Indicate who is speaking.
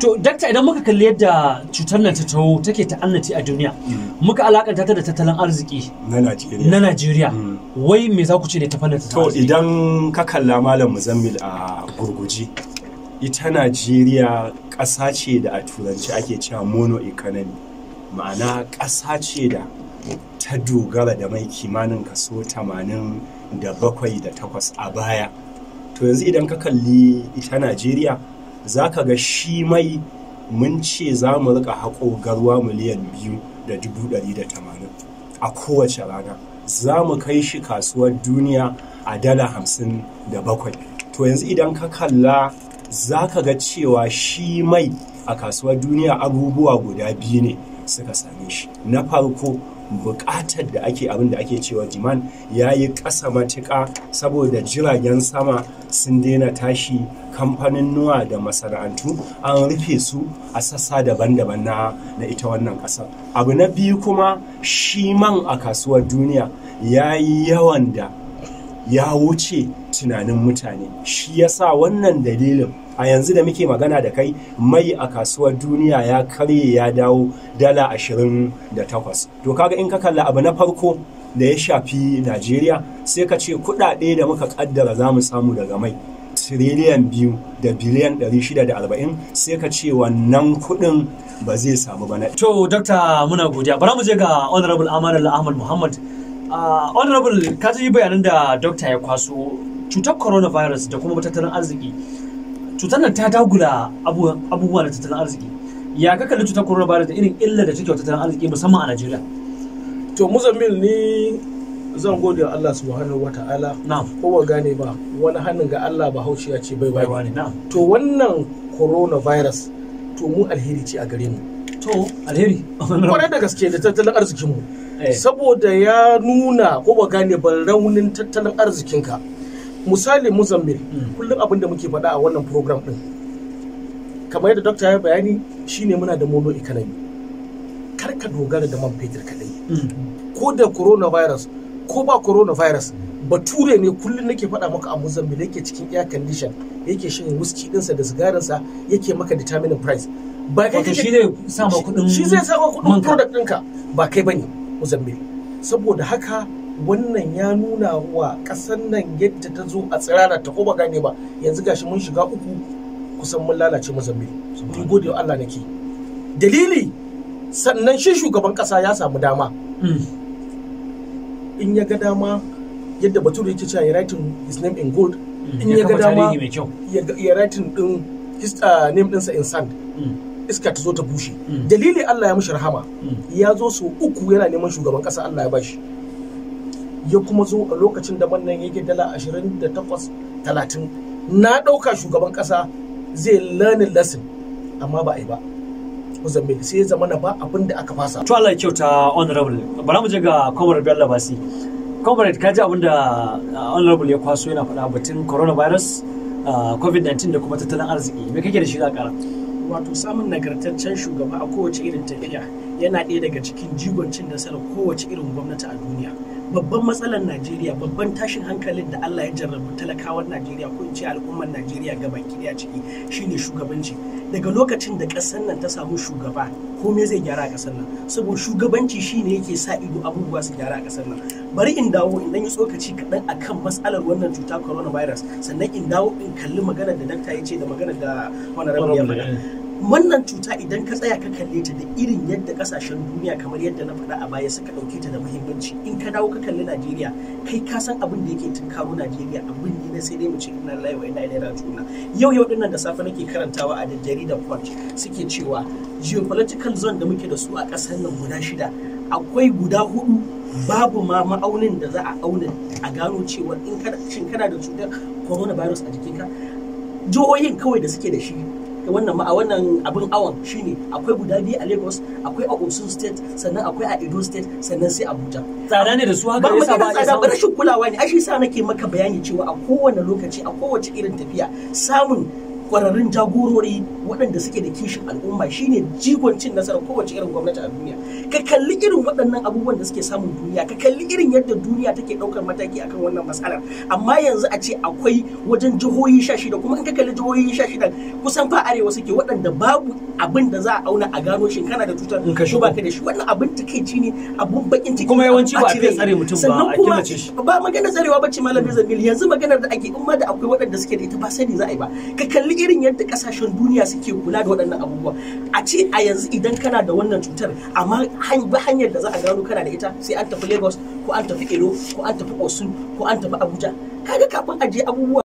Speaker 1: to dakta idan muka kalli yadda cutar nan ta taho take ta'annati a duniya mm. muka alakanta ta da tattalin arziki na najeriya mm. wai me za ku ce da ta fannin
Speaker 2: to idan ka kalla malam muzammil a gurguji ita najeriya ƙasa ce da a turanci ake cewa mono economy ma'ana ƙasa ce da ta dogara da mai kimanin kaso 87 da 8 a baya to yanzu idan ka kalli ita najeriya Zaka ga shi mai mun ce za mu rika haƙo garwa miliyan biyu da dubu ɗari da tamanin a kowace rana za mu kai shi kasuwar duniya a dala hamsin da bakwai to yanzu idan ka kalla za ka ga cewa shi mai a kasuwar duniya abubuwa guda biyu ne suka same shi na farko buƙatar da ake abin da ake cewa demand ya yi ƙasa matuƙa saboda jiragen sama sun daina tashi kamfanin nuwa da masana'antu an rufe su a sassa daban-daban na, ita wannan ƙasa abu na biyu kuma shiman a kasuwar duniya ya yi yawan da ya wuce tunanin mutane shi yasa wannan dalilin a yanzu da muke magana da kai mai a kasuwar duniya ya karye ya dawo dala ashirin 28 to kaga in ka kalla abu na farko da ya shafi najeriya sai ka ce kudade da muka kaddara za mu samu daga mai tiriliyan biyu da biliyan 640 sai ka ce wannan kudin ba zai samu ba na to dokta
Speaker 1: muna godiya bara mu je ga honorable amanar ahmad muhammad honorable ka ji bayanan da dokta ya kwaso cutar coronavirus da kuma tattalin arziki cutar nan ta dagula abubuwa na tattalin arziki ya ka kalli cutar coronavirus da irin illa da take wa tattalin arziki musamman a Najeriya to muzammil ni zan gode wa Allah subhanahu
Speaker 3: wa ta'ala ko ba gane ba wani hannun ga Allah ba haushi ya ce bai bai to wannan coronavirus to mu alheri ce a gare mu to alheri kwarai da gaske da tattalin arzikin mu eh. saboda ya nuna ko ba gane ban raunin tattalin arzikinka misali muzammil hmm. kullum abin da muke faɗa a wannan program din kamar yadda dokta ya bayani shine muna da mono economy kar ka dogara da man fetur kaɗai
Speaker 4: hmm.
Speaker 3: ko da coronavirus ko ba corona coronavirus bature ne kullum nake faɗa maka a muzammil yake cikin air condition yake shan whisky ɗinsa da sigarinsa yake maka determining price ba kai kake shi zai sa ma kuɗin shi zai sa ma kuɗin product ɗinka ba kai bane Mozambique saboda haka wannan ya nuna wa ƙasar nan yadda ta zo a tsirara ta ko ba gane ba yanzu gashi mun shiga uku kusan mun lalace Mozambique ni gode wa Allah nake dalili sannan shi shugaban ƙasa ya samu dama
Speaker 1: hmm.
Speaker 3: in ya ga dama yadda bature yake cewa ya writing his name in gold hmm. in ya ga dama ya writing din his uh, name ɗinsa in sand hmm. iska ta zo ta bushe hmm. dalili Allah ya mishi rahama hmm. ya zo so uku yana neman shugaban kasa Allah ya bashi ya kuma zo a lokacin da wannan yake dala 28 30 na dauka shugaban kasa zai learning lesson amma ba a yi ba Mozambique sai ya zama na ba abin da aka fasa.
Speaker 1: To Allah ya kyauta honorable bara mu je ga Comrade Bello Basi. Comrade ka ji abin da uh, honorable ya kwaso yana faɗa batun coronavirus uh, covid-19 da kuma tattalin arziki me kake da shi za ƙara? wato samun nagartaccen shugaba a kowace irin tafiya yana ɗaya
Speaker 4: daga cikin jigon cin nasarar kowace irin gwamnati a duniya babban matsalar najeriya babban tashin hankalin da allah ya jarrabu talakawan najeriya ko in ce al'ummar najeriya gaba kiɗi ciki, ciki shine shugabanci daga lokacin da ƙasar nan ta samu shugaba me zai gyara a ƙasar nan saboda shugabanci shine yake sa ido abubuwa su gyara a ƙasar nan bari in dawo in dan yi tsokaci kaɗan a kan matsalar wannan cuta coronavirus sannan in dawo in kalli magana da dakta ya ce da magana da wani ya wannan cuta idan ka tsaya ka kalle ta da irin yadda kasashen duniya kamar yadda na faɗa a baya suka ɗauke ta da muhimmanci in ka dawo ka kalli Najeriya kai ka san abin da yake tunkaro Najeriya abin ne na sai dai mu ce ina lillahi wa ina ilaihi raji'un yau yau dinnan da safe nake karantawa a jarida Punch suke cewa geopolitical zone da muke da su a ƙasar nan guda shida akwai guda hudu babu ma ma'aunin da za a auna a gano cewa in kana kana da cutar coronavirus a jikinka jihohin kawai da suke da shi wannan ma a wannan abin awon shine akwai guda biyu a Lagos akwai a Osun State sannan akwai a Edo State sannan sai Abuja
Speaker 1: tsada ne da su haka yasa ba tsada ba rashin
Speaker 4: kulawa ne ai shi sa nake maka bayani cewa a kowane lokaci a kowace irin tafiya samun kwararrun jagorori waɗanda suke da kishin al'umma shine jigon cin nasarar kowace irin gwamnati a duniya ka kalli irin waɗannan abubuwan da suke samun duniya ka kalli irin yadda duniya take ɗaukar mataki akan wannan matsalar amma yanzu a ce akwai wajen jihohi sha shida kuma in ka kalli jihohi sha shida kusan fa arewa suke waɗanda babu abin da za a auna a gano shin kana da cutar in ka shi ba ka da shi wannan abin takeici ne abun bakin ciki kuma yawanci ba a tsare mutum ba a killace shi ba magana tsarewa bace malam Zamil yanzu maganar da ake in ma da akwai waɗanda suke da ita ba sani za a yi ba ka kalli irin yadda kasashen duniya suke kula da waɗannan abubuwa a ce a yanzu idan kana da wannan cutar amma ba hanyar da za a gano kana da ita sai an tafi lagos ko an tafi edo ko an tafi osun ko an tafi abuja kaga kafin a je abubuwa